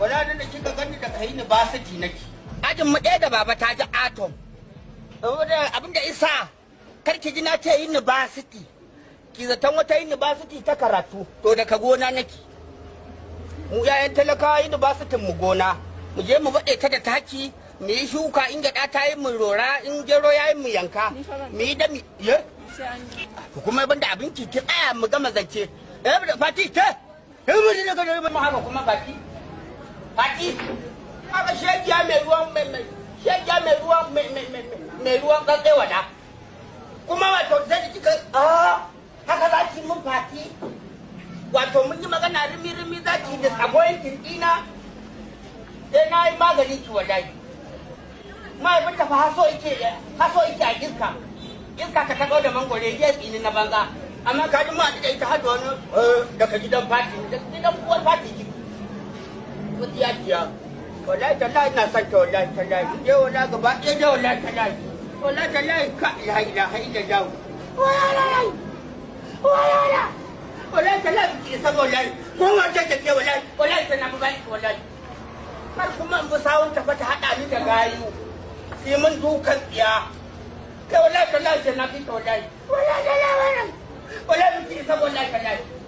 Wala da kika gani da kai ni ba saki nake. Ajin mu ɗaya da baba ta ji atom. Abin da isa kar ki ji na ce university. Ki zaton wata university ta karatu to daga gona nake. Mu yayan talakawa university mu gona. Mu je mu bade ta da taki mu yi shuka in gyaɗa ta yi mu rora in gero ya yi mu yanka. Mu yi da mu ye. Kuma banda abin ki ki tsaya mu gama zance. Eh fati ke. Eh mu ne ga mu haka kuma baki. baki haka shekiya mai ruwan mai wada kuma zai kika ah haka za ki mun mun yi magana rimi rimi za ki da tsagoyin kirkina na yi magani ki wadaki mahaifinta haso yake haso yake a ka da mangwaro ya tsini na banza amma ka ji ma da ita hada wani eh, daga gidan daga gidan kuwar fati kuɗiya ciya wallahi tallahi ina son ta wallahi tallahi je wallahi gaba ɗaya je wallahi tallahi wallahi tallahi ka la ilaha illallah wallahi wallahi wallahi tallahi ki san wallahi ko wata ta ce wallahi wallahi sai na ba wallahi kar kuma in bi sawun ta fata hada ni da gayu sai mun dukan tsiya kai wallahi tallahi sai na fita Wala wallahi tallahi wallahi wallahi ki san wallahi tallahi